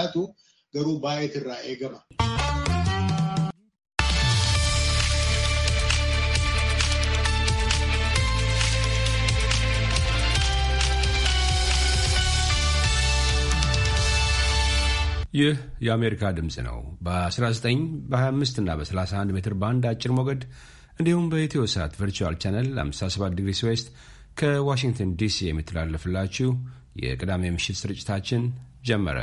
Taatu garuu baay'eet irraa eegama. ይህ የአሜሪካ ድምፅ ነው። በ19 በ25 እና በ31 ሜትር ባንድ አጭር ሞገድ እንዲሁም በኢትዮ ሳት ቨርቹዋል ቻነል 57 ዲግሪ ስዌስት ከዋሽንግተን ዲሲ የሚተላለፍላችሁ የቅዳሜ ምሽት ስርጭታችን ጀመረ።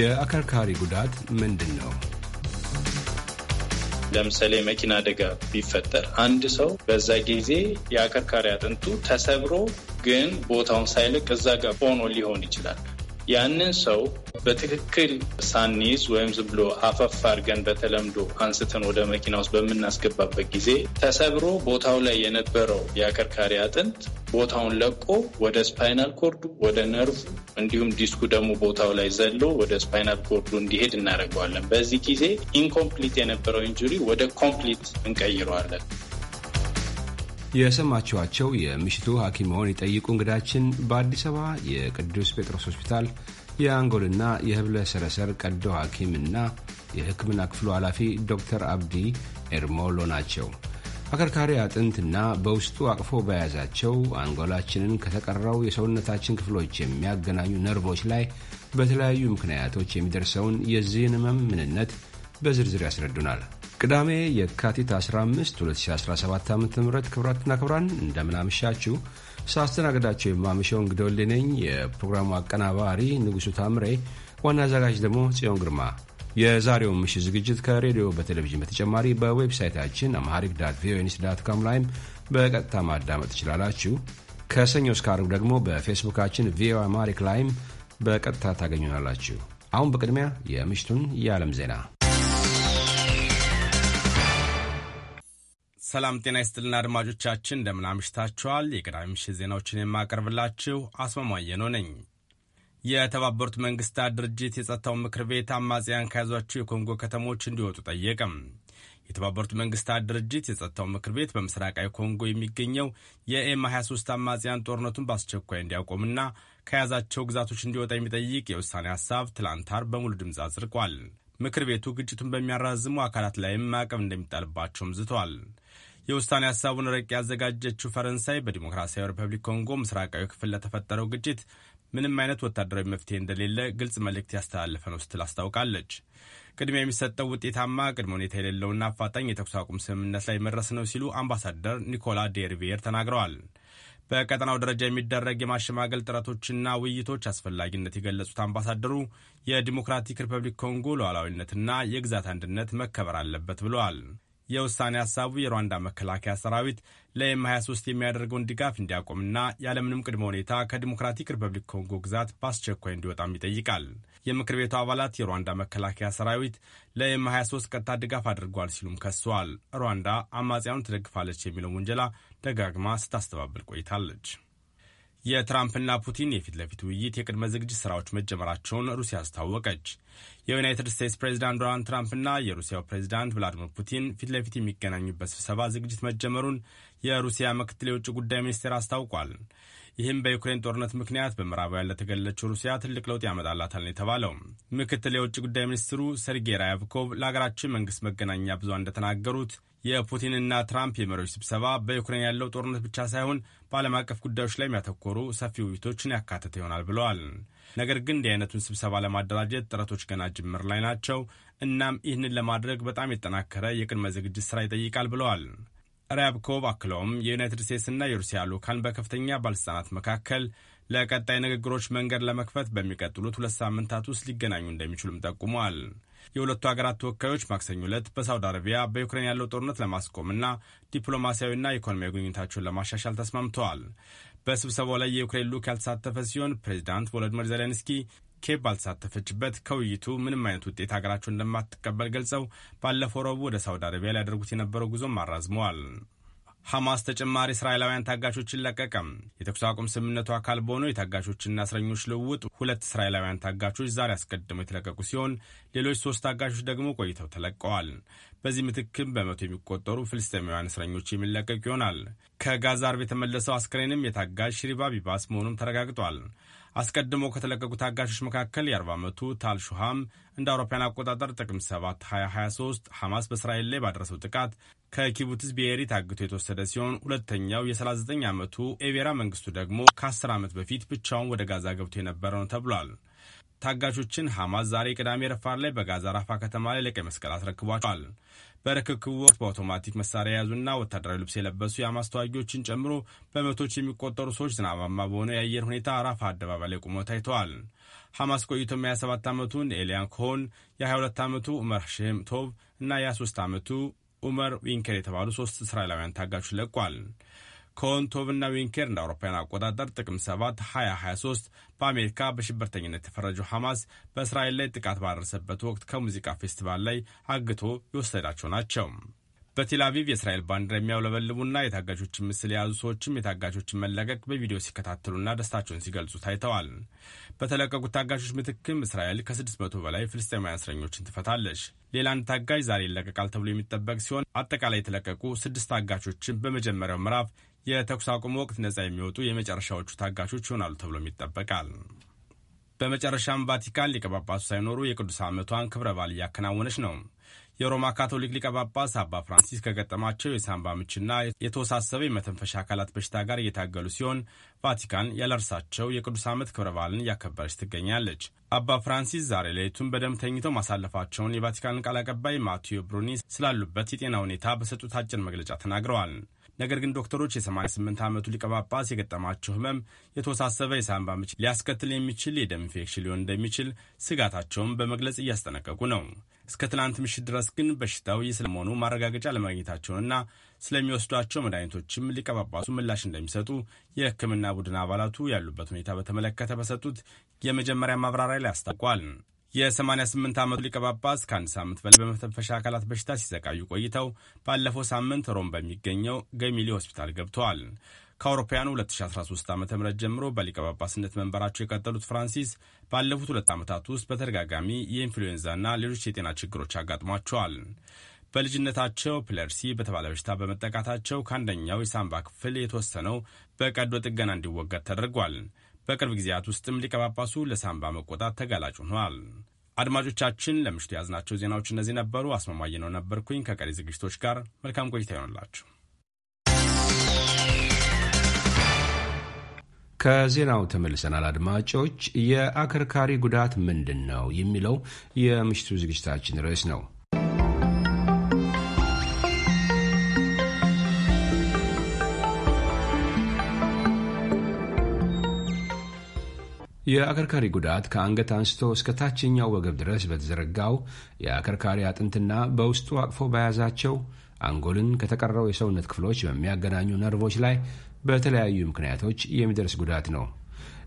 የአከርካሪ ጉዳት ምንድን ነው? ለምሳሌ መኪና አደጋ ቢፈጠር አንድ ሰው በዛ ጊዜ የአከርካሪ አጥንቱ ተሰብሮ ግን ቦታውን ሳይለቅ እዛ ጋር ሆኖ ሊሆን ይችላል። ያንን ሰው በትክክል ሳንይዝ ወይም ዝም ብሎ አፈፍ አድርገን በተለምዶ አንስተን ወደ መኪና ውስጥ በምናስገባበት ጊዜ ተሰብሮ ቦታው ላይ የነበረው የአከርካሪ አጥንት ቦታውን ለቆ ወደ ስፓይናል ኮርዱ፣ ወደ ነርቭ እንዲሁም ዲስኩ ደግሞ ቦታው ላይ ዘሎ ወደ ስፓይናል ኮርዱ እንዲሄድ እናደርገዋለን። በዚህ ጊዜ ኢንኮምፕሊት የነበረው ኢንጁሪ ወደ ኮምፕሊት እንቀይረዋለን። የሰማችኋቸው የምሽቱ ሐኪሞን ይጠይቁ እንግዳችን በአዲስ አበባ የቅዱስ ጴጥሮስ ሆስፒታል የአንጎልና የህብለ ሰረሰር ቀዶ ሐኪም እና የሕክምና ክፍሉ ኃላፊ ዶክተር አብዲ ኤርሞሎ ናቸው። አከርካሪ አጥንትና በውስጡ አቅፎ በያዛቸው አንጎላችንን ከተቀረው የሰውነታችን ክፍሎች የሚያገናኙ ነርቮች ላይ በተለያዩ ምክንያቶች የሚደርሰውን የዚህን ህመም ምንነት በዝርዝር ያስረዱናል። ቅዳሜ የካቲት 15 2017 ዓ ም ክብራትና ክብራን እንደምናመሻችሁ ሳስተናግዳቸው የማመሸው እንግዶል ነኝ። የፕሮግራሙ አቀናባሪ ንጉሡ ታምሬ፣ ዋና አዘጋጅ ደግሞ ጽዮን ግርማ። የዛሬው ምሽት ዝግጅት ከሬዲዮ በቴሌቪዥን በተጨማሪ በዌብሳይታችን አማሪክ ዳት ቪኦኤ ኒውስ ዳት ኮም ላይም በቀጥታ ማዳመጥ ትችላላችሁ። ከሰኞ እስከ አርብ ደግሞ በፌስቡካችን ቪኦኤ አማሪክ ላይም በቀጥታ ታገኙናላችሁ። አሁን በቅድሚያ የምሽቱን የዓለም ዜና ሰላም ጤና ይስጥልና አድማጮቻችን፣ እንደምን አምሽታችኋል። የቅዳሜ ምሽት ዜናዎችን የማቀርብላችሁ አስማማየኖ ነኝ። የተባበሩት መንግስታት ድርጅት የጸጥታው ምክር ቤት አማጽያን ከያዟቸው የኮንጎ ከተሞች እንዲወጡ ጠየቀም። የተባበሩት መንግስታት ድርጅት የጸጥታው ምክር ቤት በምስራቃዊ ኮንጎ የሚገኘው የኤም 23 አማጽያን ጦርነቱን በአስቸኳይ እንዲያቆምና ከያዛቸው ግዛቶች እንዲወጣ የሚጠይቅ የውሳኔ ሀሳብ ትላንት አርብ በሙሉ ድምፅ አጽድቋል። ምክር ቤቱ ግጭቱን በሚያራዝሙ አካላት ላይም ማዕቀብ እንደሚጣልባቸውም ዝተዋል። የውሳኔ ሀሳቡን ረቅ ያዘጋጀችው ፈረንሳይ በዲሞክራሲያዊ ሪፐብሊክ ኮንጎ ምስራቃዊ ክፍል ለተፈጠረው ግጭት ምንም አይነት ወታደራዊ መፍትሄ እንደሌለ ግልጽ መልእክት ያስተላለፈ ነው ስትል አስታውቃለች። ቅድሚያ የሚሰጠው ውጤታማ ቅድመ ሁኔታ የሌለውና አፋጣኝ የተኩስ አቁም ስምምነት ላይ መድረስ ነው ሲሉ አምባሳደር ኒኮላ ዴርቪየር ተናግረዋል። በቀጠናው ደረጃ የሚደረግ የማሸማገል ጥረቶችና ውይይቶች አስፈላጊነት የገለጹት አምባሳደሩ የዲሞክራቲክ ሪፐብሊክ ኮንጎ ሉዓላዊነትና የግዛት አንድነት መከበር አለበት ብለዋል። የውሳኔ ሀሳቡ የሩዋንዳ መከላከያ ሰራዊት ለኤም 23 የሚያደርገውን ድጋፍ እንዲያቆምና ያለምንም ቅድመ ሁኔታ ከዲሞክራቲክ ሪፐብሊክ ኮንጎ ግዛት በአስቸኳይ እንዲወጣም ይጠይቃል። የምክር ቤቱ አባላት የሩዋንዳ መከላከያ ሰራዊት ለኤም 23 ቀጥታ ድጋፍ አድርጓል ሲሉም ከሰዋል። ሩዋንዳ አማጽያኑን ትደግፋለች የሚለውን ውንጀላ ደጋግማ ስታስተባብል ቆይታለች። የትራምፕና ፑቲን የፊት ለፊት ውይይት የቅድመ ዝግጅት ስራዎች መጀመራቸውን ሩሲያ አስታወቀች። የዩናይትድ ስቴትስ ፕሬዚዳንት ዶናልድ ትራምፕና የሩሲያው ፕሬዚዳንት ቭላዲሚር ፑቲን ፊት ለፊት የሚገናኙበት ስብሰባ ዝግጅት መጀመሩን የሩሲያ ምክትል የውጭ ጉዳይ ሚኒስቴር አስታውቋል። ይህም በዩክሬን ጦርነት ምክንያት በምዕራባውያን ለተገለለችው ሩሲያ ትልቅ ለውጥ ያመጣላታል ነው የተባለው። ምክትል የውጭ ጉዳይ ሚኒስትሩ ሰርጌ ራያብኮቭ ለሀገራችን መንግስት መገናኛ ብዙሃን እንደተናገሩት የፑቲንና ትራምፕ የመሪዎች ስብሰባ በዩክሬን ያለው ጦርነት ብቻ ሳይሆን በዓለም አቀፍ ጉዳዮች ላይ የሚያተኮሩ ሰፊ ውይይቶችን ያካተተ ይሆናል ብለዋል። ነገር ግን እንዲህ አይነቱን ስብሰባ ለማደራጀት ጥረቶች ገና ጅምር ላይ ናቸው። እናም ይህንን ለማድረግ በጣም የጠናከረ የቅድመ ዝግጅት ስራ ይጠይቃል ብለዋል። ሪያብኮቭ አክለውም የዩናይትድ ስቴትስና የሩሲያ ልኡካን በከፍተኛ ባለሥልጣናት መካከል ለቀጣይ ንግግሮች መንገድ ለመክፈት በሚቀጥሉት ሁለት ሳምንታት ውስጥ ሊገናኙ እንደሚችሉም ጠቁመዋል። የሁለቱ ሀገራት ተወካዮች ማክሰኞ ዕለት በሳውዲ አረቢያ በዩክሬን ያለው ጦርነት ለማስቆምና ዲፕሎማሲያዊና ኢኮኖሚያዊ ግንኙነታቸውን ለማሻሻል ተስማምተዋል። በስብሰባው ላይ የዩክሬን ልዑክ ያልተሳተፈ ሲሆን ፕሬዚዳንት ቮሎዲሚር ዜሌንስኪ ኬብ ባልተሳተፈችበት ከውይይቱ ምንም አይነት ውጤት ሀገራቸው እንደማትቀበል ገልጸው ባለፈው ረቡዕ ወደ ሳውዲ አረቢያ ሊያደርጉት የነበረው ጉዞም አራዝመዋል። ሐማስ ተጨማሪ እስራኤላውያን ታጋቾችን ለቀቀም። የተኩስ አቁም ስምምነቱ አካል በሆነው የታጋቾችና እስረኞች ልውውጥ ሁለት እስራኤላውያን ታጋቾች ዛሬ አስቀድመው የተለቀቁ ሲሆን ሌሎች ሶስት ታጋቾች ደግሞ ቆይተው ተለቀዋል። በዚህ ምትክም በመቶ የሚቆጠሩ ፍልስጤማውያን እስረኞች የሚለቀቅ ይሆናል። ከጋዛ አርብ የተመለሰው አስክሬንም የታጋጅ ሽሪባ ቢባስ መሆኑም ተረጋግጧል። አስቀድሞ ከተለቀቁ ታጋሾች መካከል የ40 ዓመቱ ታል ሹሃም እንደ አውሮፓውያን አቆጣጠር ጥቅምት 7 2023 ሐማስ በእስራኤል ላይ ባደረሰው ጥቃት ከኪቡትስ ብሔሪ ታግቶ የተወሰደ ሲሆን ሁለተኛው የ39 ዓመቱ ኤቬራ መንግስቱ ደግሞ ከ10 ዓመት በፊት ብቻውን ወደ ጋዛ ገብቶ የነበረ ነው ተብሏል። ታጋቾችን ሐማስ ዛሬ ቅዳሜ ረፋር ላይ በጋዛ ራፋ ከተማ ላይ ለቀይ መስቀል አስረክቧቸዋል። በርክክቡ ወቅት በአውቶማቲክ መሳሪያ የያዙና ወታደራዊ ልብስ የለበሱ የሐማስ ተዋጊዎችን ጨምሮ በመቶች የሚቆጠሩ ሰዎች ዝናባማ በሆነ የአየር ሁኔታ ራፋ አደባባይ ላይ ቆመው ታይተዋል። ሐማስ ቆይቶ የ27 ዓመቱን ኤልያን ኮሆን፣ የ22 ዓመቱ ዑመር ሽም ቶብ እና የ23 ዓመቱ ዑመር ዊንከር የተባሉ ሶስት እስራኤላውያን ታጋቾች ለቋል። ኮንቶቭና ዊንኬር እንደ አውሮፓውያን አቆጣጠር ጥቅም 7 2023 በአሜሪካ በሽብርተኝነት የተፈረጀው ሐማስ በእስራኤል ላይ ጥቃት ባደረሰበት ወቅት ከሙዚቃ ፌስቲቫል ላይ አግቶ የወሰዳቸው ናቸው። በቴል አቪቭ የእስራኤል ባንዲራ የሚያውለበልቡና የታጋቾችን ምስል የያዙ ሰዎችም የታጋቾችን መለቀቅ በቪዲዮ ሲከታተሉና ደስታቸውን ሲገልጹ ታይተዋል። በተለቀቁት ታጋቾች ምትክም እስራኤል ከ600 በላይ ፍልስጤማውያን እስረኞችን ትፈታለች። ሌላ አንድ ታጋጅ ዛሬ ይለቀቃል ተብሎ የሚጠበቅ ሲሆን አጠቃላይ የተለቀቁ ስድስት ታጋቾችን በመጀመሪያው ምዕራፍ የተኩስ አቁም ወቅት ነጻ የሚወጡ የመጨረሻዎቹ ታጋቾች ይሆናሉ ተብሎም ይጠበቃል። በመጨረሻም ቫቲካን ሊቀ ጳጳሱ ሳይኖሩ የቅዱስ ዓመቷን ክብረ በዓል እያከናወነች ነው። የሮማ ካቶሊክ ሊቀ ጳጳስ አባ ፍራንሲስ ከገጠማቸው የሳምባ ምችና የተወሳሰበ የመተንፈሻ አካላት በሽታ ጋር እየታገሉ ሲሆን ቫቲካን ያለርሳቸው የቅዱስ ዓመት ክብረ በዓልን እያከበረች ትገኛለች። አባ ፍራንሲስ ዛሬ ሌሊቱን በደም ተኝተው ማሳለፋቸውን የቫቲካን ቃል አቀባይ ማቴዮ ብሩኒ ስላሉበት የጤና ሁኔታ በሰጡት አጭር መግለጫ ተናግረዋል። ነገር ግን ዶክተሮች የ88 ዓመቱ ሊቀ ጳጳስ የገጠማቸው ህመም የተወሳሰበ የሳንባ ምች ሊያስከትል የሚችል የደም ኢንፌክሽን ሊሆን እንደሚችል ስጋታቸውን በመግለጽ እያስጠነቀቁ ነው። እስከ ትናንት ምሽት ድረስ ግን በሽታው ስለመሆኑ ማረጋገጫ ለማግኘታቸውንና ስለሚወስዷቸው መድኃኒቶችም ሊቀ ጳጳሱ ምላሽ እንደሚሰጡ የሕክምና ቡድን አባላቱ ያሉበት ሁኔታ በተመለከተ በሰጡት የመጀመሪያ ማብራሪያ ላይ አስታውቋል። የ88 ዓመቱ ሊቀ ጳጳስ ከአንድ ሳምንት በላይ በመተንፈሻ አካላት በሽታ ሲሰቃዩ ቆይተው ባለፈው ሳምንት ሮም በሚገኘው ገሚሊ ሆስፒታል ገብተዋል። ከአውሮፓውያኑ 2013 ዓ ም ጀምሮ በሊቀ ጳጳስነት መንበራቸው የቀጠሉት ፍራንሲስ ባለፉት ሁለት ዓመታት ውስጥ በተደጋጋሚ የኢንፍሉዌንዛና ሌሎች የጤና ችግሮች አጋጥሟቸዋል። በልጅነታቸው ፕለርሲ በተባለ በሽታ በመጠቃታቸው ከአንደኛው የሳምባ ክፍል የተወሰነው በቀዶ ጥገና እንዲወገድ ተደርጓል። በቅርብ ጊዜያት ውስጥም ሊቀ ጳጳሱ ለሳምባ መቆጣት ተጋላጭ ሆኗል። አድማጮቻችን ለምሽቱ የያዝናቸው ዜናዎች እነዚህ ነበሩ። አስማማኝ ነው ነበርኩኝ። ከቀሪ ዝግጅቶች ጋር መልካም ቆይታ ይሆንላችሁ። ከዜናው ተመልሰናል። አድማጮች፣ የአከርካሪ ጉዳት ምንድን ነው የሚለው የምሽቱ ዝግጅታችን ርዕስ ነው። የአከርካሪ ጉዳት ከአንገት አንስቶ እስከ ታችኛው ወገብ ድረስ በተዘረጋው የአከርካሪ አጥንትና በውስጡ አቅፎ በያዛቸው አንጎልን ከተቀረው የሰውነት ክፍሎች በሚያገናኙ ነርቮች ላይ በተለያዩ ምክንያቶች የሚደርስ ጉዳት ነው።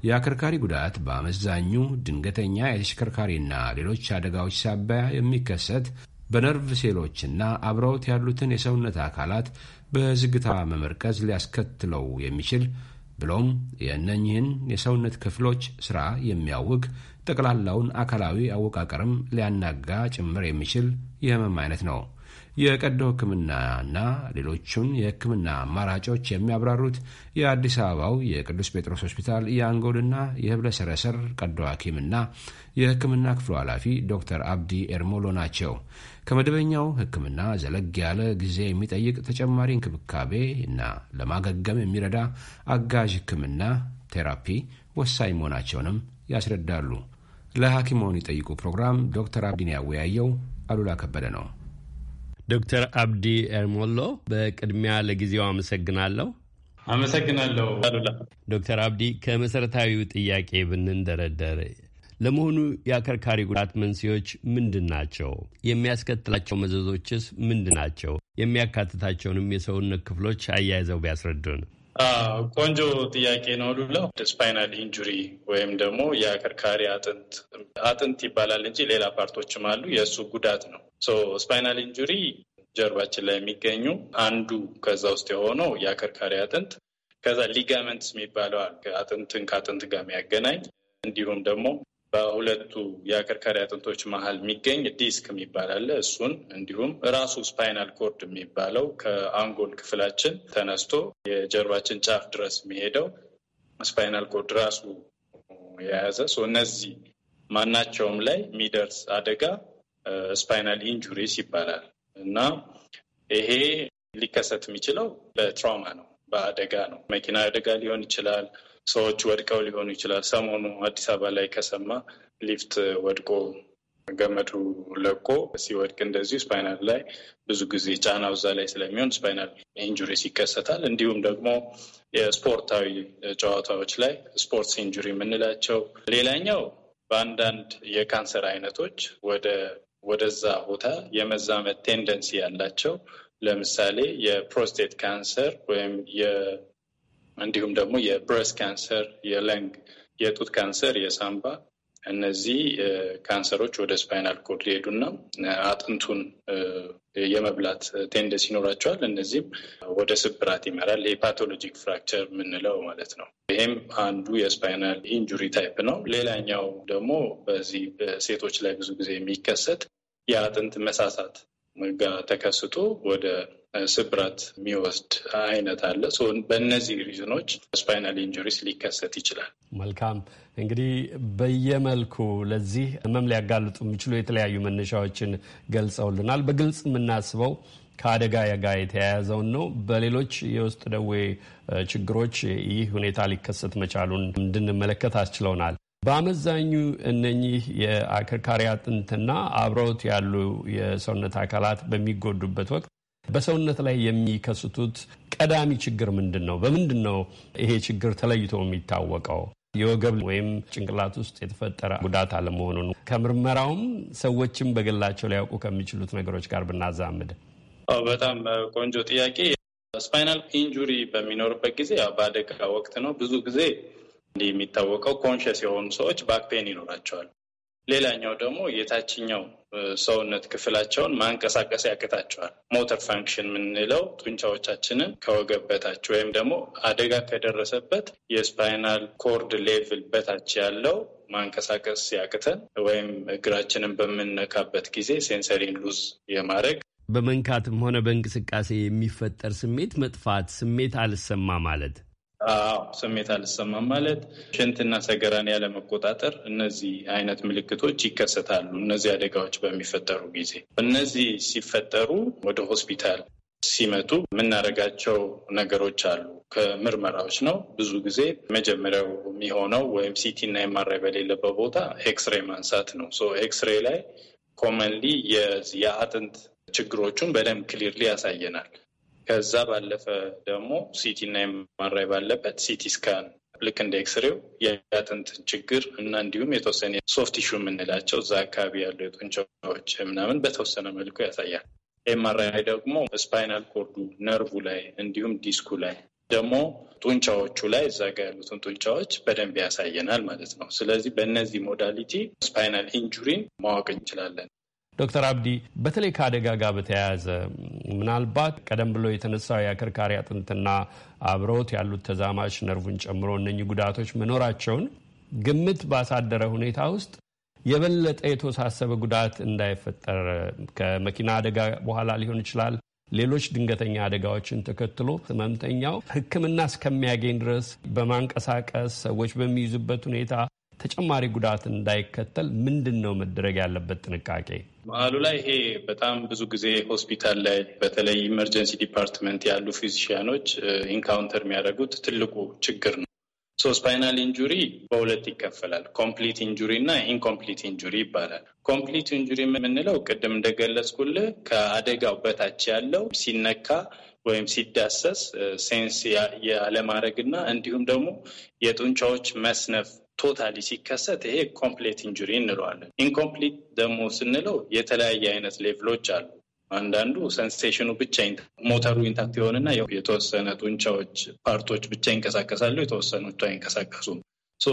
የአከርካሪ ጉዳት በአመዛኙ ድንገተኛ የተሽከርካሪና ሌሎች አደጋዎች ሳቢያ የሚከሰት በነርቭ ሴሎችና አብረውት ያሉትን የሰውነት አካላት በዝግታ መመርቀዝ ሊያስከትለው የሚችል ብሎም የእነኝህን የሰውነት ክፍሎች ሥራ የሚያውቅ ጠቅላላውን አካላዊ አወቃቀርም ሊያናጋ ጭምር የሚችል የህመም አይነት ነው። የቀዶ ሕክምናና ሌሎቹን የሕክምና አማራጮች የሚያብራሩት የአዲስ አበባው የቅዱስ ጴጥሮስ ሆስፒታል የአንጎልና የህብለ ሰረሰር ቀዶ ሐኪምና የሕክምና ክፍሉ ኃላፊ ዶክተር አብዲ ኤርሞሎ ናቸው። ከመደበኛው ሕክምና ዘለግ ያለ ጊዜ የሚጠይቅ ተጨማሪ እንክብካቤ እና ለማገገም የሚረዳ አጋዥ ሕክምና ቴራፒ ወሳኝ መሆናቸውንም ያስረዳሉ። ለሐኪሞን ይጠይቁ ፕሮግራም ዶክተር አብዲን ያወያየው አሉላ ከበደ ነው። ዶክተር አብዲ ኤርሞሎ በቅድሚያ ለጊዜው አመሰግናለሁ። አመሰግናለሁ አሉላ። ዶክተር አብዲ ከመሰረታዊው ጥያቄ ብንንደረደር ለመሆኑ የአከርካሪ ጉዳት መንስኤዎች ምንድን ናቸው? የሚያስከትላቸው መዘዞችስ ምንድን ናቸው? የሚያካትታቸውንም የሰውነት ክፍሎች አያይዘው ቢያስረዱን። ቆንጆ ጥያቄ ነው ሉላ። ስፓይናል ኢንጁሪ ወይም ደግሞ የአከርካሪ አጥንት አጥንት ይባላል እንጂ ሌላ ፓርቶችም አሉ። የእሱ ጉዳት ነው። ስፓይናል ኢንጁሪ ጀርባችን ላይ የሚገኙ አንዱ ከዛ ውስጥ የሆነው የአከርካሪ አጥንት፣ ከዛ ሊጋመንትስ የሚባለው አጥንትን ከአጥንት ጋር የሚያገናኝ እንዲሁም ደግሞ በሁለቱ የአከርካሪ አጥንቶች መሀል የሚገኝ ዲስክ የሚባል አለ። እሱን እንዲሁም ራሱ ስፓይናል ኮርድ የሚባለው ከአንጎል ክፍላችን ተነስቶ የጀርባችን ጫፍ ድረስ የሚሄደው ስፓይናል ኮርድ ራሱ የያዘ እነዚህ ማናቸውም ላይ የሚደርስ አደጋ ስፓይናል ኢንጁሪስ ይባላል እና ይሄ ሊከሰት የሚችለው በትራውማ ነው፣ በአደጋ ነው። መኪና አደጋ ሊሆን ይችላል። ሰዎች ወድቀው ሊሆኑ ይችላል። ሰሞኑ አዲስ አበባ ላይ ከሰማ ሊፍት ወድቆ ገመዱ ለቆ ሲወድቅ እንደዚሁ ስፓይናል ላይ ብዙ ጊዜ ጫናው እዛ ላይ ስለሚሆን ስፓይናል ኢንጁሪስ ይከሰታል። እንዲሁም ደግሞ የስፖርታዊ ጨዋታዎች ላይ ስፖርትስ ኢንጁሪ የምንላቸው ሌላኛው በአንዳንድ የካንሰር አይነቶች ወደ ወደዛ ቦታ የመዛመት ቴንደንሲ ያላቸው ለምሳሌ የፕሮስቴት ካንሰር ወይም እንዲሁም ደግሞ የብረስ ካንሰር፣ የለንግ፣ የጡት ካንሰር፣ የሳምባ እነዚህ ካንሰሮች ወደ ስፓይናል ኮድ ሊሄዱና አጥንቱን የመብላት ቴንደንስ ይኖራቸዋል። እነዚህም ወደ ስብራት ይመራል። የፓቶሎጂክ ፍራክቸር የምንለው ማለት ነው። ይሄም አንዱ የስፓይናል ኢንጁሪ ታይፕ ነው። ሌላኛው ደግሞ በዚህ ሴቶች ላይ ብዙ ጊዜ የሚከሰት የአጥንት መሳሳት ጋ ተከስቶ ወደ ስብራት የሚወስድ አይነት አለ። በእነዚህ ሪዝኖች ስፓይናል ኢንጁሪስ ሊከሰት ይችላል። መልካም እንግዲህ በየመልኩ ለዚህ ህመም ሊያጋልጡ የሚችሉ የተለያዩ መነሻዎችን ገልጸውልናል። በግልጽ የምናስበው ከአደጋ ጋር የተያያዘውን ነው። በሌሎች የውስጥ ደዌ ችግሮች ይህ ሁኔታ ሊከሰት መቻሉን እንድንመለከት አስችለውናል። በአመዛኙ እነኚህ የአከርካሪ አጥንትና አብረውት ያሉ የሰውነት አካላት በሚጎዱበት ወቅት በሰውነት ላይ የሚከስቱት ቀዳሚ ችግር ምንድን ነው? በምንድን ነው ይሄ ችግር ተለይቶ የሚታወቀው? የወገብ ወይም ጭንቅላት ውስጥ የተፈጠረ ጉዳት አለመሆኑን ከምርመራውም ሰዎችም በግላቸው ሊያውቁ ከሚችሉት ነገሮች ጋር ብናዛምድ። በጣም ቆንጆ ጥያቄ። ስፓይናል ኢንጁሪ በሚኖርበት ጊዜ በአደጋ ወቅት ነው ብዙ ጊዜ እንዲህ የሚታወቀው። ኮንሽስ የሆኑ ሰዎች ባክፔን ይኖራቸዋል። ሌላኛው ደግሞ የታችኛው ሰውነት ክፍላቸውን ማንቀሳቀስ ያቅታቸዋል። ሞተር ፋንክሽን የምንለው ጡንቻዎቻችንን ከወገብ በታች ወይም ደግሞ አደጋ ከደረሰበት የስፓይናል ኮርድ ሌቭል በታች ያለው ማንቀሳቀስ ያቅተን ወይም እግራችንን በምንነካበት ጊዜ ሴንሰሪን ሉዝ የማድረግ በመንካትም ሆነ በእንቅስቃሴ የሚፈጠር ስሜት መጥፋት፣ ስሜት አልሰማ ማለት ስሜት አልሰማም ማለት፣ ሽንትና ሰገራን ያለመቆጣጠር፣ እነዚህ አይነት ምልክቶች ይከሰታሉ። እነዚህ አደጋዎች በሚፈጠሩ ጊዜ እነዚህ ሲፈጠሩ ወደ ሆስፒታል ሲመጡ የምናደርጋቸው ነገሮች አሉ። ከምርመራዎች ነው። ብዙ ጊዜ መጀመሪያው የሚሆነው ወይም ሲቲ እና የማራይ በሌለበት ቦታ ኤክስሬ ማንሳት ነው። ኤክስሬ ላይ ኮመንሊ የአጥንት ችግሮቹን በደንብ ክሊርሊ ያሳየናል። ከዛ ባለፈ ደግሞ ሲቲ እና ኤምአርአይ ባለበት ሲቲ ስካን ልክ እንደ ኤክስሬው የአጥንትን ችግር እና እንዲሁም የተወሰነ ሶፍት ሹ የምንላቸው እዛ አካባቢ ያሉ የጡንቻዎች ምናምን በተወሰነ መልኩ ያሳያል። ኤምአርአይ ደግሞ ስፓይናል ኮርዱ ነርቡ ላይ እንዲሁም ዲስኩ ላይ ደግሞ ጡንቻዎቹ ላይ እዛ ጋ ያሉትን ጡንቻዎች በደንብ ያሳየናል ማለት ነው። ስለዚህ በእነዚህ ሞዳሊቲ ስፓይናል ኢንጁሪን ማወቅ እንችላለን። ዶክተር አብዲ በተለይ ከአደጋ ጋር በተያያዘ ምናልባት ቀደም ብሎ የተነሳው የአከርካሪ አጥንትና አብረውት ያሉት ተዛማች ነርቭን ጨምሮ እነኚህ ጉዳቶች መኖራቸውን ግምት ባሳደረ ሁኔታ ውስጥ የበለጠ የተወሳሰበ ጉዳት እንዳይፈጠር ከመኪና አደጋ በኋላ ሊሆን ይችላል ሌሎች ድንገተኛ አደጋዎችን ተከትሎ ህመምተኛው ሕክምና እስከሚያገኝ ድረስ በማንቀሳቀስ ሰዎች በሚይዙበት ሁኔታ ተጨማሪ ጉዳት እንዳይከተል ምንድን ነው መደረግ ያለበት ጥንቃቄ? በዓሉ ላይ ይሄ በጣም ብዙ ጊዜ ሆስፒታል ላይ በተለይ ኢመርጀንሲ ዲፓርትመንት ያሉ ፊዚሽያኖች ኢንካውንተር የሚያደርጉት ትልቁ ችግር ነው። ሶ ስፓይናል ኢንጁሪ በሁለት ይከፈላል። ኮምፕሊት ኢንጁሪ እና ኢንኮምፕሊት ኢንጁሪ ይባላል። ኮምፕሊት ኢንጁሪ የምንለው ቅድም እንደገለጽኩልህ ከአደጋው በታች ያለው ሲነካ ወይም ሲዳሰስ ሴንስ ያለማድረግ እና እንዲሁም ደግሞ የጡንቻዎች መስነፍ ቶታሊ ሲከሰት ይሄ ኮምፕሌት ኢንጁሪ እንለዋለን። ኢንኮምፕሊት ደግሞ ስንለው የተለያየ አይነት ሌቭሎች አሉ። አንዳንዱ ሴንሴሽኑ ብቻ ሞተሩ ኢንታክት የሆንና የተወሰነ ጡንቻዎች ፓርቶች ብቻ ይንቀሳቀሳሉ፣ የተወሰኖቹ አይንቀሳቀሱም።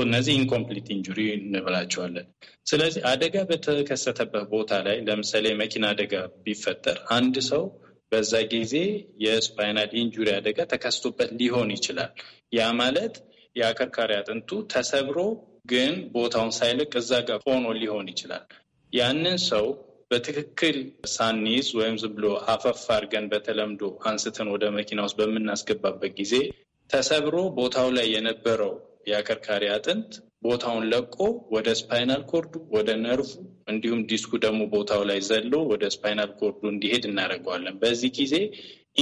እነዚህ ኢንኮምፕሊት ኢንጁሪ እንብላቸዋለን። ስለዚህ አደጋ በተከሰተበት ቦታ ላይ ለምሳሌ መኪና አደጋ ቢፈጠር አንድ ሰው በዛ ጊዜ የስፓይናል ኢንጁሪ አደጋ ተከስቶበት ሊሆን ይችላል። ያ ማለት የአከርካሪ አጥንቱ ተሰብሮ ግን ቦታውን ሳይለቅ እዛ ጋር ሆኖ ሊሆን ይችላል። ያንን ሰው በትክክል ሳንይዝ ወይም ዝም ብሎ አፈፍ አድርገን በተለምዶ አንስተን ወደ መኪና ውስጥ በምናስገባበት ጊዜ ተሰብሮ ቦታው ላይ የነበረው የአከርካሪ አጥንት ቦታውን ለቆ ወደ ስፓይናል ኮርዱ ወደ ነርቭ እንዲሁም ዲስኩ ደግሞ ቦታው ላይ ዘሎ ወደ ስፓይናል ኮርዱ እንዲሄድ እናደርገዋለን። በዚህ ጊዜ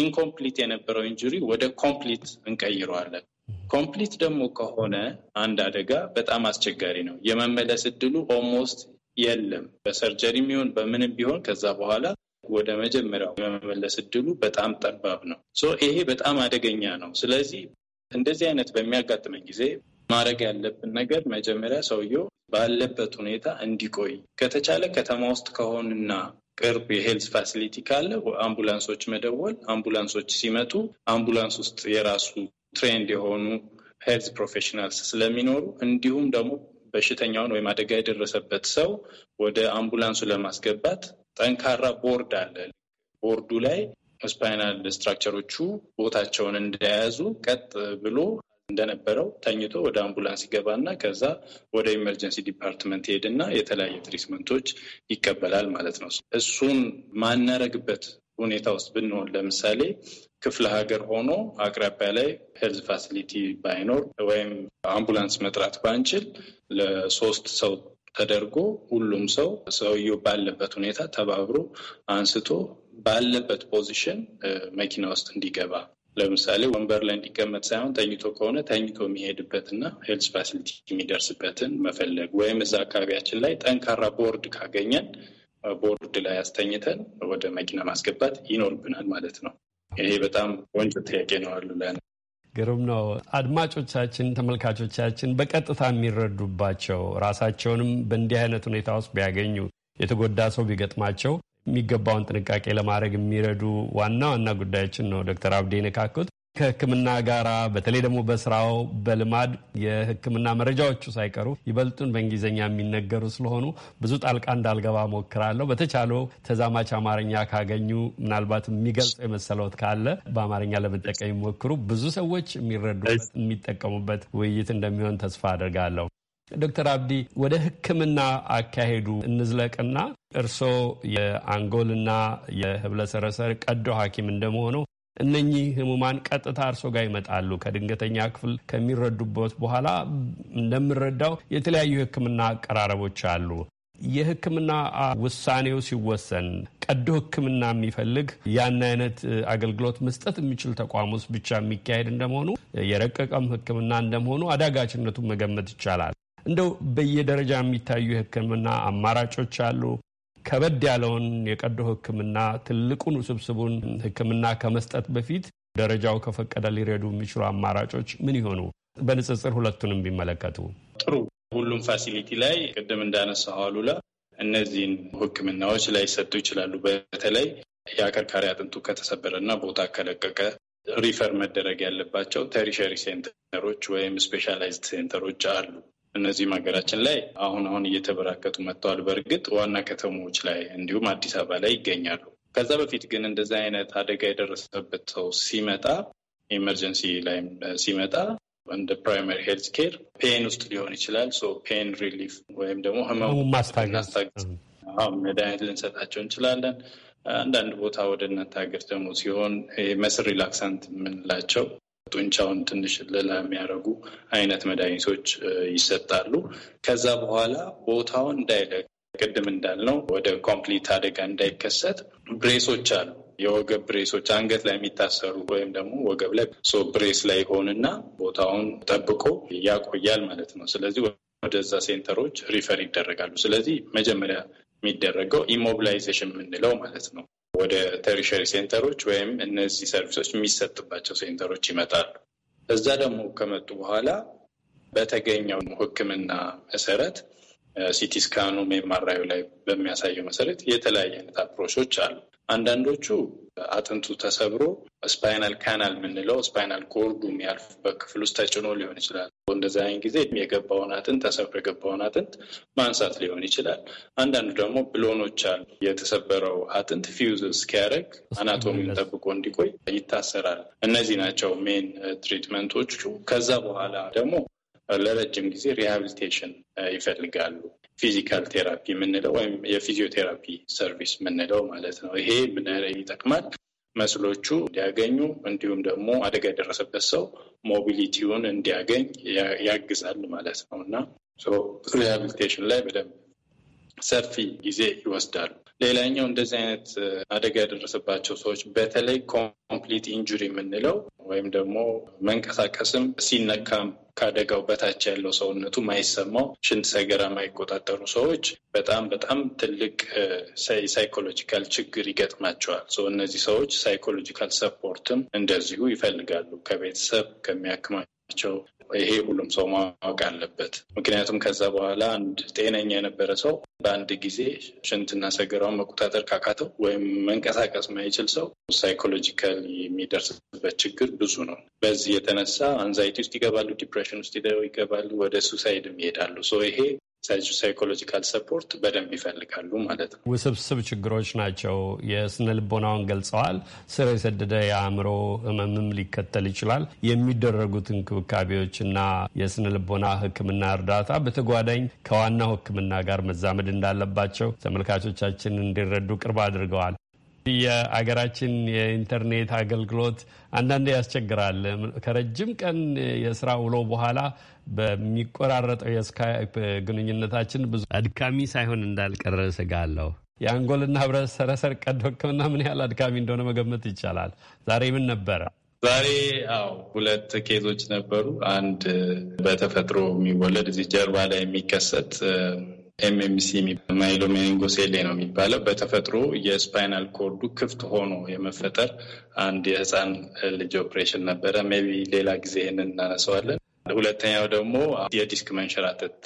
ኢንኮምፕሊት የነበረው ኢንጁሪ ወደ ኮምፕሊት እንቀይረዋለን። ኮምፕሊት ደግሞ ከሆነ አንድ አደጋ በጣም አስቸጋሪ ነው። የመመለስ እድሉ ኦልሞስት የለም። በሰርጀሪም ይሁን በምንም ቢሆን ከዛ በኋላ ወደ መጀመሪያው የመመለስ እድሉ በጣም ጠባብ ነው። ሶ ይሄ በጣም አደገኛ ነው። ስለዚህ እንደዚህ አይነት በሚያጋጥመን ጊዜ ማድረግ ያለብን ነገር መጀመሪያ ሰውየው ባለበት ሁኔታ እንዲቆይ ከተቻለ ከተማ ውስጥ ከሆንና ቅርብ የሄልዝ ፋሲሊቲ ካለ አምቡላንሶች መደወል፣ አምቡላንሶች ሲመጡ አምቡላንስ ውስጥ የራሱ ትሬንድ የሆኑ ሄልዝ ፕሮፌሽናልስ ስለሚኖሩ እንዲሁም ደግሞ በሽተኛውን ወይም አደጋ የደረሰበት ሰው ወደ አምቡላንሱ ለማስገባት ጠንካራ ቦርድ አለ። ቦርዱ ላይ ስፓይናል ስትራክቸሮቹ ቦታቸውን እንደያዙ ቀጥ ብሎ እንደነበረው ተኝቶ ወደ አምቡላንስ ይገባና ከዛ ወደ ኢመርጀንሲ ዲፓርትመንት ይሄድና የተለያየ ትሪትመንቶች ይቀበላል ማለት ነው። እሱን ማናረግበት ሁኔታ ውስጥ ብንሆን ለምሳሌ ክፍለ ሀገር ሆኖ አቅራቢያ ላይ ሄልዝ ፋሲሊቲ ባይኖር ወይም አምቡላንስ መጥራት ባንችል ለሶስት ሰው ተደርጎ ሁሉም ሰው ሰውየው ባለበት ሁኔታ ተባብሮ አንስቶ ባለበት ፖዚሽን መኪና ውስጥ እንዲገባ ለምሳሌ ወንበር ላይ እንዲቀመጥ ሳይሆን ተኝቶ ከሆነ ተኝቶ የሚሄድበት እና ሄልዝ ፋሲሊቲ የሚደርስበትን መፈለግ ወይም እዛ አካባቢያችን ላይ ጠንካራ ቦርድ ካገኘን ቦርድ ላይ አስተኝተን ወደ መኪና ማስገባት ይኖርብናል ማለት ነው። ይሄ በጣም ወንጭ ጥያቄ ነው አሉ ግሩም ነው። አድማጮቻችን፣ ተመልካቾቻችን በቀጥታ የሚረዱባቸው ራሳቸውንም በእንዲህ አይነት ሁኔታ ውስጥ ቢያገኙ የተጎዳ ሰው ቢገጥማቸው የሚገባውን ጥንቃቄ ለማድረግ የሚረዱ ዋና ዋና ጉዳዮችን ነው ዶክተር አብዴ ነካኩት። ከሕክምና ጋራ በተለይ ደግሞ በስራው በልማድ የሕክምና መረጃዎቹ ሳይቀሩ ይበልጡን በእንግሊዝኛ የሚነገሩ ስለሆኑ ብዙ ጣልቃ እንዳልገባ ሞክራለሁ። በተቻለው ተዛማች አማርኛ ካገኙ ምናልባት የሚገልጸው የመሰለውት ካለ በአማርኛ ለመጠቀም የሚሞክሩ ብዙ ሰዎች የሚረዱበት የሚጠቀሙበት ውይይት እንደሚሆን ተስፋ አድርጋለሁ። ዶክተር አብዲ ወደ ህክምና አካሄዱ እንዝለቅና እርስዎ የአንጎልና የህብለሰረሰር ቀዶ ሐኪም እንደመሆኑ እነኚህ ህሙማን ቀጥታ እርሶ ጋር ይመጣሉ። ከድንገተኛ ክፍል ከሚረዱበት በኋላ እንደምረዳው የተለያዩ የህክምና አቀራረቦች አሉ። የህክምና ውሳኔው ሲወሰን ቀዶ ህክምና የሚፈልግ ያን አይነት አገልግሎት መስጠት የሚችል ተቋም ውስጥ ብቻ የሚካሄድ እንደመሆኑ የረቀቀም ህክምና እንደመሆኑ አዳጋችነቱን መገመት ይቻላል። እንደው በየደረጃ የሚታዩ የህክምና አማራጮች አሉ። ከበድ ያለውን የቀዶ ሕክምና ትልቁን ውስብስቡን ሕክምና ከመስጠት በፊት ደረጃው ከፈቀደ ሊረዱ የሚችሉ አማራጮች ምን ይሆኑ? በንጽጽር ሁለቱንም ቢመለከቱ ጥሩ። ሁሉም ፋሲሊቲ ላይ ቅድም እንዳነሳው አሉላ እነዚህን ሕክምናዎች ላይ ሰጡ ይችላሉ። በተለይ የአከርካሪ አጥንቱ ከተሰበረ እና ቦታ ከለቀቀ ሪፈር መደረግ ያለባቸው ተሪሸሪ ሴንተሮች ወይም ስፔሻላይዝድ ሴንተሮች አሉ። እነዚህም ሀገራችን ላይ አሁን አሁን እየተበራከቱ መጥተዋል። በእርግጥ ዋና ከተሞች ላይ እንዲሁም አዲስ አበባ ላይ ይገኛሉ። ከዛ በፊት ግን እንደዚ አይነት አደጋ የደረሰበት ሰው ሲመጣ ኤመርጀንሲ ላይ ሲመጣ እንደ ፕራይመሪ ሄልት ኬር ፔን ውስጥ ሊሆን ይችላል። ፔን ሪሊፍ ወይም ደግሞ ህመሙ ማስታገስ መድኃኒት ልንሰጣቸው እንችላለን። አንዳንድ ቦታ ወደ እናንተ ሀገር ደግሞ ሲሆን መስር ሪላክሳንት የምንላቸው ጡንቻውን ትንሽ ልላ የሚያደርጉ አይነት መድኃኒቶች ይሰጣሉ። ከዛ በኋላ ቦታውን እንዳይለቅ ቅድም እንዳልነው ወደ ኮምፕሊት አደጋ እንዳይከሰት ብሬሶች አሉ። የወገብ ብሬሶች አንገት ላይ የሚታሰሩ ወይም ደግሞ ወገብ ላይ ሶ ብሬስ ላይ ሆንና ቦታውን ጠብቆ ያቆያል ማለት ነው። ስለዚህ ወደዛ ሴንተሮች ሪፈር ይደረጋሉ። ስለዚህ መጀመሪያ የሚደረገው ኢሞቢላይዜሽን የምንለው ማለት ነው ወደ ተሪሸሪ ሴንተሮች ወይም እነዚህ ሰርቪሶች የሚሰጥባቸው ሴንተሮች ይመጣሉ። እዛ ደግሞ ከመጡ በኋላ በተገኘው ሕክምና መሰረት ሲቲ ስካኑ ሜማራዩ ላይ በሚያሳየው መሰረት የተለያየ አይነት አፕሮቾች አሉ። አንዳንዶቹ አጥንቱ ተሰብሮ ስፓይናል ካናል የምንለው ስፓይናል ኮርዱ የሚያልፉበት ክፍል ውስጥ ተጭኖ ሊሆን ይችላል። እንደዚህ አይነት ጊዜ የገባውን አጥንት ተሰብሮ የገባውን አጥንት ማንሳት ሊሆን ይችላል። አንዳንዱ ደግሞ ብሎኖች አሉ። የተሰበረው አጥንት ፊውዝ እስኪያደርግ አናቶሚውን ጠብቆ እንዲቆይ ይታሰራል። እነዚህ ናቸው ሜን ትሪትመንቶቹ። ከዛ በኋላ ደግሞ ለረጅም ጊዜ ሪሃብሊቴሽን ይፈልጋሉ። ፊዚካል ቴራፒ የምንለው ወይም የፊዚዮቴራፒ ሰርቪስ የምንለው ማለት ነው። ይሄ ምን ይጠቅማል? መስሎቹ እንዲያገኙ እንዲሁም ደግሞ አደጋ የደረሰበት ሰው ሞቢሊቲውን እንዲያገኝ ያግዛል ማለት ነው እና ሪሃብሊቴሽን ላይ በደንብ ሰፊ ጊዜ ይወስዳሉ። ሌላኛው እንደዚህ አይነት አደጋ የደረሰባቸው ሰዎች በተለይ ኮምፕሊት ኢንጁሪ የምንለው ወይም ደግሞ መንቀሳቀስም ሲነካም ከአደጋው በታች ያለው ሰውነቱ ማይሰማው ሽንት ሰገራ ማይቆጣጠሩ ሰዎች በጣም በጣም ትልቅ ሳይኮሎጂካል ችግር ይገጥማቸዋል። እነዚህ ሰዎች ሳይኮሎጂካል ሰፖርትም እንደዚሁ ይፈልጋሉ ከቤተሰብ ከሚያክማቸው ናቸው። ይሄ ሁሉም ሰው ማወቅ አለበት። ምክንያቱም ከዛ በኋላ አንድ ጤነኛ የነበረ ሰው በአንድ ጊዜ ሽንትና ሰገራውን መቆጣጠር ካካተው ወይም መንቀሳቀስ ማይችል ሰው ሳይኮሎጂካል የሚደርስበት ችግር ብዙ ነው። በዚህ የተነሳ አንዛይቲ ውስጥ ይገባሉ፣ ዲፕሬሽን ውስጥ ይገባሉ፣ ወደ ሱሳይድም ይሄዳሉ። ይሄ ሳይኮሎጂካል ሰፖርት በደንብ ይፈልጋሉ ማለት ነው። ውስብስብ ችግሮች ናቸው። የስነ ልቦናውን ገልጸዋል። ስር የሰደደ የአእምሮ ህመምም ሊከተል ይችላል። የሚደረጉት እንክብካቤዎችና የስነ ልቦና ህክምና እርዳታ በተጓዳኝ ከዋናው ህክምና ጋር መዛመድ እንዳለባቸው ተመልካቾቻችን እንዲረዱ ቅርብ አድርገዋል። የአገራችን የኢንተርኔት አገልግሎት አንዳንዴ ያስቸግራል። ከረጅም ቀን የስራ ውሎ በኋላ በሚቆራረጠው የስካይፕ ግንኙነታችን ብዙ አድካሚ ሳይሆን እንዳልቀረ ስጋለሁ። የአንጎልና ህብረት ሰረሰር ቀዶ ሕክምና ምን ያህል አድካሚ እንደሆነ መገመት ይቻላል። ዛሬ ምን ነበረ? ዛሬ አው ሁለት ኬዞች ነበሩ። አንድ በተፈጥሮ የሚወለድ እዚህ ጀርባ ላይ የሚከሰት ኤምኤምሲ ማይሎሜኒንጎሴሌ ነው የሚባለው። በተፈጥሮ የስፓይናል ኮርዱ ክፍት ሆኖ የመፈጠር አንድ የህፃን ልጅ ኦፕሬሽን ነበረ። ሜቢ ሌላ ጊዜ ይህንን እናነሰዋለን። ሁለተኛው ደግሞ የዲስክ መንሸራተት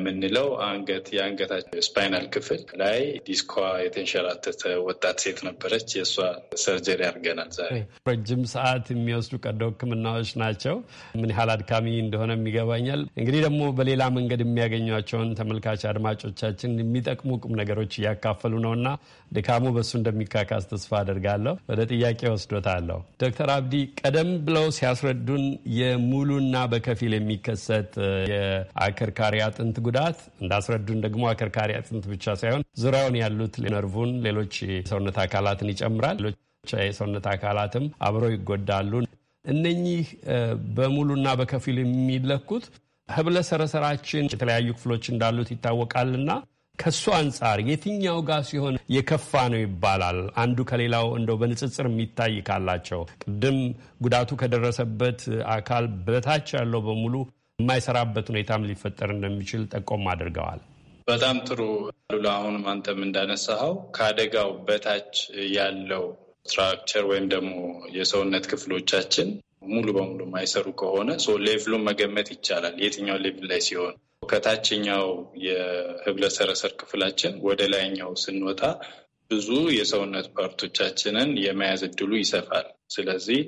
የምንለው አንገት የአንገታችን ስፓይናል ክፍል ላይ ዲስኳ የተንሸራተተ ወጣት ሴት ነበረች። የእሷ ሰርጀሪ አድርገናል ዛሬ። ረጅም ሰዓት የሚወስዱ ቀዶ ሕክምናዎች ናቸው። ምን ያህል አድካሚ እንደሆነ ይገባኛል። እንግዲህ ደግሞ በሌላ መንገድ የሚያገኟቸውን ተመልካች አድማጮቻችን የሚጠቅሙ ቁም ነገሮች እያካፈሉ ነው እና ድካሙ በእሱ እንደሚካካስ ተስፋ አደርጋለሁ። ወደ ጥያቄ ወስዶታለሁ። ዶክተር አብዲ ቀደም ብለው ሲያስረዱን የሙሉና በከፊል በሚል የሚከሰት የአከርካሪ አጥንት ጉዳት እንዳስረዱን ደግሞ አከርካሪ አጥንት ብቻ ሳይሆን ዙሪያውን ያሉት ነርቭን፣ ሌሎች የሰውነት አካላትን ይጨምራል። ሌሎች የሰውነት አካላትም አብረው ይጎዳሉ። እነኚህ በሙሉና በከፊል የሚለኩት ህብለ ሰረሰራችን የተለያዩ ክፍሎች እንዳሉት ይታወቃልና ከእሱ አንጻር የትኛው ጋር ሲሆን የከፋ ነው ይባላል? አንዱ ከሌላው እንደው በንጽጽር የሚታይ ካላቸው ቅድም ጉዳቱ ከደረሰበት አካል በታች ያለው በሙሉ የማይሰራበት ሁኔታም ሊፈጠር እንደሚችል ጠቆም አድርገዋል። በጣም ጥሩ ሉላ። አሁንም አንተም እንዳነሳኸው ከአደጋው በታች ያለው ስትራክቸር ወይም ደግሞ የሰውነት ክፍሎቻችን ሙሉ በሙሉ የማይሰሩ ከሆነ ሌቭሉን መገመት ይቻላል። የትኛው ሌቭል ላይ ሲሆን ከታችኛው የህብለ ሰረሰር ክፍላችን ወደ ላይኛው ስንወጣ ብዙ የሰውነት ፓርቶቻችንን የመያዝ እድሉ ይሰፋል። ስለዚህ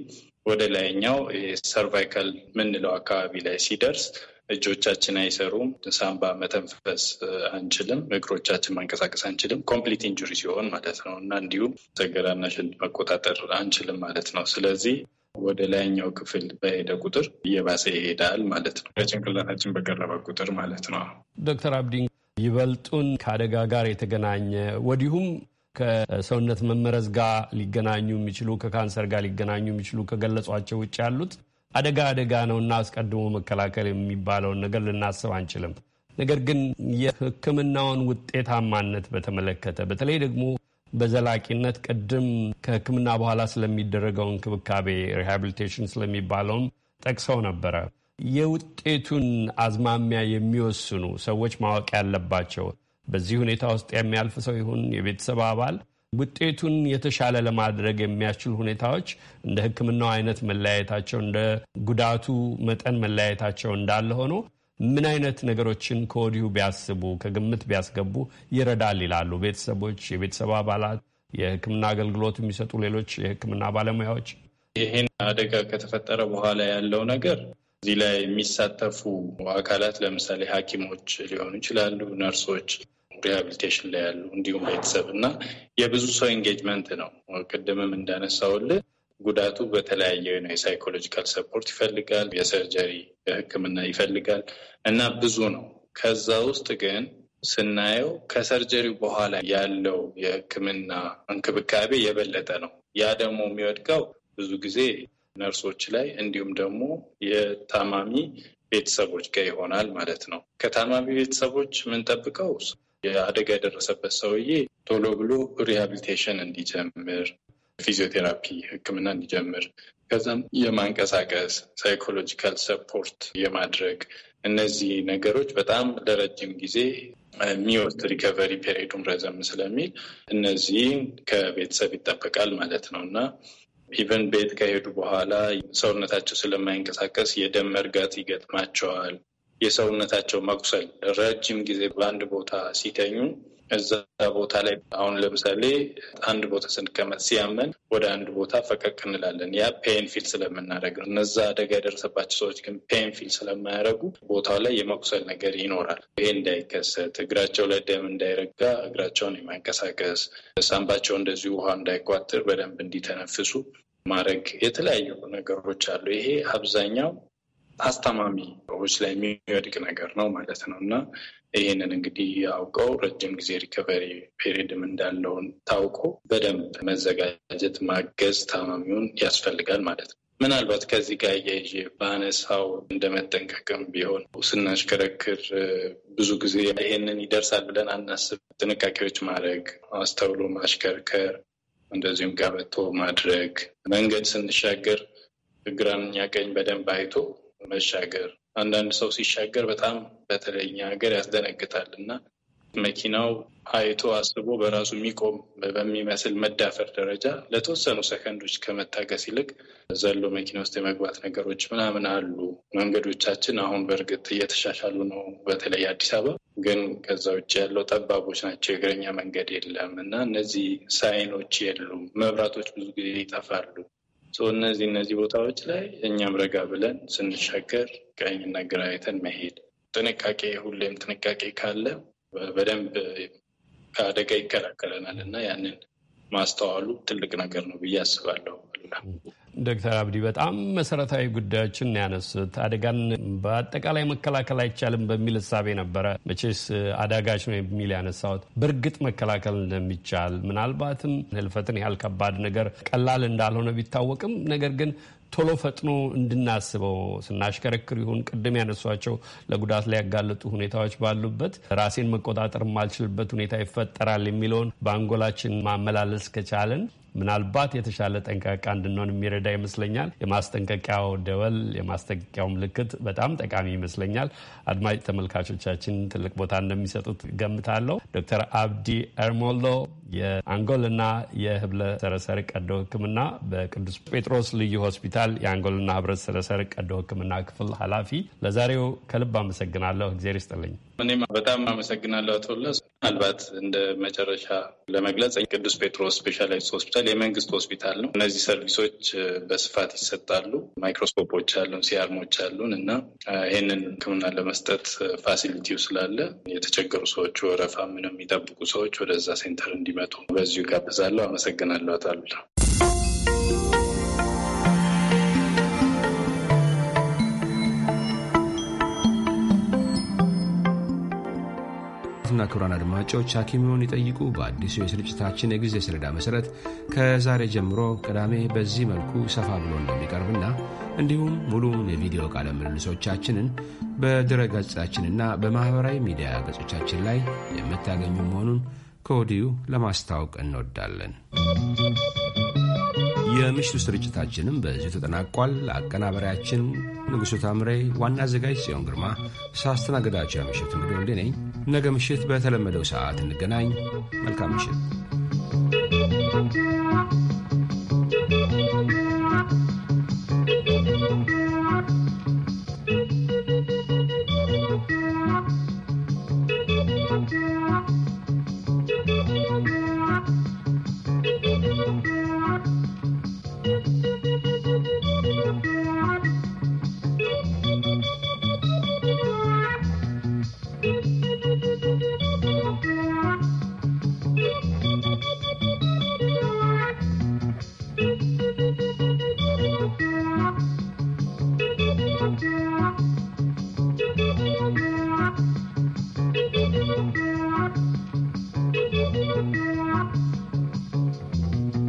ወደ ላይኛው ሰርቫይካል ምንለው አካባቢ ላይ ሲደርስ እጆቻችን አይሰሩም፣ ሳምባ መተንፈስ አንችልም፣ እግሮቻችን ማንቀሳቀስ አንችልም። ኮምፕሊት ኢንጁሪ ሲሆን ማለት ነው እና እንዲሁም ሰገራና ሽንት መቆጣጠር አንችልም ማለት ነው። ስለዚህ ወደ ላይኛው ክፍል በሄደ ቁጥር እየባሰ ይሄዳል ማለት ነው። ለጭንቅላታችን በቀረበ ቁጥር ማለት ነው። ዶክተር አብዲን ይበልጡን ከአደጋ ጋር የተገናኘ ወዲሁም ከሰውነት መመረዝ ጋር ሊገናኙ የሚችሉ ከካንሰር ጋር ሊገናኙ የሚችሉ ከገለጿቸው ውጭ ያሉት አደጋ አደጋ ነው እና አስቀድሞ መከላከል የሚባለውን ነገር ልናስብ አንችልም። ነገር ግን የሕክምናውን ውጤታማነት በተመለከተ በተለይ ደግሞ በዘላቂነት ቅድም ከሕክምና በኋላ ስለሚደረገው እንክብካቤ ሪሃቢሊቴሽን ስለሚባለውም ጠቅሰው ነበረ። የውጤቱን አዝማሚያ የሚወስኑ ሰዎች ማወቅ ያለባቸው በዚህ ሁኔታ ውስጥ የሚያልፍ ሰው ይሁን የቤተሰብ አባል ውጤቱን የተሻለ ለማድረግ የሚያስችሉ ሁኔታዎች እንደ ህክምናው አይነት መለያየታቸው፣ እንደ ጉዳቱ መጠን መለያየታቸው እንዳለ ሆኖ ምን አይነት ነገሮችን ከወዲሁ ቢያስቡ ከግምት ቢያስገቡ ይረዳል ይላሉ ቤተሰቦች፣ የቤተሰብ አባላት፣ የሕክምና አገልግሎት የሚሰጡ ሌሎች የሕክምና ባለሙያዎች? ይህን አደጋ ከተፈጠረ በኋላ ያለው ነገር እዚህ ላይ የሚሳተፉ አካላት ለምሳሌ ሐኪሞች ሊሆኑ ይችላሉ፣ ነርሶች ሪሃቢሊቴሽን ላይ ያሉ እንዲሁም ቤተሰብ እና የብዙ ሰው ኢንጌጅመንት ነው። ቅድምም እንዳነሳውልን። ጉዳቱ በተለያየ ነው። የሳይኮሎጂካል ሰፖርት ይፈልጋል፣ የሰርጀሪ ሕክምና ይፈልጋል እና ብዙ ነው። ከዛ ውስጥ ግን ስናየው ከሰርጀሪው በኋላ ያለው የሕክምና እንክብካቤ የበለጠ ነው። ያ ደግሞ የሚወድቀው ብዙ ጊዜ ነርሶች ላይ እንዲሁም ደግሞ የታማሚ ቤተሰቦች ጋር ይሆናል ማለት ነው። ከታማሚ ቤተሰቦች የምንጠብቀው የአደጋ የደረሰበት ሰውዬ ቶሎ ብሎ ሪሃቢሊቴሽን እንዲጀምር ፊዚዮቴራፒ ህክምና እንዲጀምር ከዛም የማንቀሳቀስ ሳይኮሎጂካል ሰፖርት የማድረግ እነዚህ ነገሮች በጣም ለረጅም ጊዜ የሚወስድ ሪከቨሪ ፔሪዱም ረዘም ስለሚል እነዚህን ከቤተሰብ ይጠበቃል ማለት ነው እና ኢቨን ቤት ከሄዱ በኋላ ሰውነታቸው ስለማይንቀሳቀስ የደም መርጋት ይገጥማቸዋል። የሰውነታቸው መቁሰል ረጅም ጊዜ በአንድ ቦታ ሲተኙ እዛ ቦታ ላይ አሁን ለምሳሌ አንድ ቦታ ስንቀመጥ ሲያመን ወደ አንድ ቦታ ፈቀቅ እንላለን። ያ ፔን ፊል ስለምናደርግ ነው። እነዛ አደጋ የደረሰባቸው ሰዎች ግን ፔን ፊል ስለማያደርጉ ቦታው ላይ የመቁሰል ነገር ይኖራል። ይሄ እንዳይከሰት እግራቸው ላይ ደም እንዳይረጋ እግራቸውን የማንቀሳቀስ ሳምባቸው እንደዚሁ ውሃ እንዳይቋጥር በደንብ እንዲተነፍሱ ማድረግ የተለያዩ ነገሮች አሉ። ይሄ አብዛኛው ዎች ላይ የሚወድቅ ነገር ነው ማለት ነው እና ይህንን እንግዲህ አውቀው ረጅም ጊዜ ሪከቨሪ ፔሪድም እንዳለውን ታውቆ በደንብ መዘጋጀት ማገዝ ታማሚውን ያስፈልጋል ማለት ነው። ምናልባት ከዚህ ጋር እያይዤ በአነሳው እንደመጠንቀቅም ቢሆን ስናሽከረክር ብዙ ጊዜ ይህንን ይደርሳል ብለን አናስብ። ጥንቃቄዎች ማድረግ፣ አስተውሎ ማሽከርከር፣ እንደዚሁም ቀበቶ ማድረግ፣ መንገድ ስንሻገር ግራና ቀኝ በደንብ አይቶ መሻገር አንዳንድ ሰው ሲሻገር በጣም በተለይኛ ሀገር ያስደነግጣል እና መኪናው አይቶ አስቦ በራሱ የሚቆም በሚመስል መዳፈር ደረጃ ለተወሰኑ ሰከንዶች ከመታገስ ይልቅ ዘሎ መኪና ውስጥ የመግባት ነገሮች ምናምን አሉ። መንገዶቻችን አሁን በእርግጥ እየተሻሻሉ ነው፣ በተለይ አዲስ አበባ ግን ከዛ ውጭ ያለው ጠባቦች ናቸው። የእግረኛ መንገድ የለም እና እነዚህ ሳይኖች የሉም። መብራቶች ብዙ ጊዜ ይጠፋሉ። እነዚህ እነዚህ ቦታዎች ላይ እኛም ረጋ ብለን ስንሻገር ቀኝና ግራ አይተን መሄድ ጥንቃቄ፣ ሁሌም ጥንቃቄ ካለ በደንብ ከአደጋ ይከላከለናል እና ያንን ማስተዋሉ ትልቅ ነገር ነው ብዬ አስባለሁ። ዶክተር አብዲ በጣም መሰረታዊ ጉዳዮችን ያነሱት አደጋን በአጠቃላይ መከላከል አይቻልም በሚል እሳቤ ነበረ። መቼስ አዳጋች ነው የሚል ያነሳሁት በእርግጥ መከላከል እንደሚቻል ምናልባትም ህልፈትን ያህል ከባድ ነገር ቀላል እንዳልሆነ ቢታወቅም ነገር ግን ቶሎ ፈጥኖ እንድናስበው ስናሽከረክር ይሁን ቅድም ያነሷቸው ለጉዳት ሊያጋለጡ ሁኔታዎች ባሉበት ራሴን መቆጣጠር የማልችልበት ሁኔታ ይፈጠራል የሚለውን በአንጎላችን ማመላለስ ከቻለን ምናልባት የተሻለ ጠንቃቃ እንድንሆን የሚረዳ ይመስለኛል። የማስጠንቀቂያው ደወል፣ የማስጠንቀቂያው ምልክት በጣም ጠቃሚ ይመስለኛል። አድማጭ ተመልካቾቻችን ትልቅ ቦታ እንደሚሰጡት ገምታለሁ። ዶክተር አብዲ ኤርሞሎ የአንጎልና የህብለ ሰረሰር ቀዶ ሕክምና በቅዱስ ጴጥሮስ ልዩ ሆስፒታል የአንጎልና ህብረት ሰረሰር ቀዶ ሕክምና ክፍል ኃላፊ፣ ለዛሬው ከልብ አመሰግናለሁ። እግዜር ይስጥልኝ። እኔም በጣም አመሰግናለሁ አቶ ለስ። ምናልባት እንደ መጨረሻ ለመግለጽ ቅዱስ ጴጥሮስ ስፔሻላይዝድ ሆስፒታል የመንግስት ሆስፒታል ነው። እነዚህ ሰርቪሶች በስፋት ይሰጣሉ። ማይክሮስኮፖች አሉን፣ ሲአርሞች አሉን እና ይህንን ሕክምና ለመስጠት ፋሲሊቲው ስላለ የተቸገሩ ሰዎች ወረፋ ምንም የሚጠብቁ ሰዎች ወደዛ ሴንተር እንዲመጡ በዚሁ ጋብዛለሁ። አመሰግናለሁ አቶ አሉላ። ክቡራትና ክቡራን አድማጮች ሐኪሙን ይጠይቁ በአዲሱ የስርጭታችን የጊዜ ሰሌዳ መሠረት ከዛሬ ጀምሮ ቅዳሜ በዚህ መልኩ ሰፋ ብሎ እንደሚቀርብና እንዲሁም ሙሉውን የቪዲዮ ቃለ ምልልሶቻችንን በድረ ገጻችንና በማኅበራዊ ሚዲያ ገጾቻችን ላይ የምታገኙ መሆኑን ከወዲሁ ለማስታወቅ እንወዳለን። የምሽቱ ስርጭታችንም በዚሁ ተጠናቋል። አቀናበሪያችን ንጉሡ ታምሬ፣ ዋና አዘጋጅ ጽዮን ግርማ፣ ሳስተናግዳቸው የምሽት እንግዲህ ወልዴ ነኝ። ነገ ምሽት በተለመደው ሰዓት እንገናኝ። መልካም ምሽት።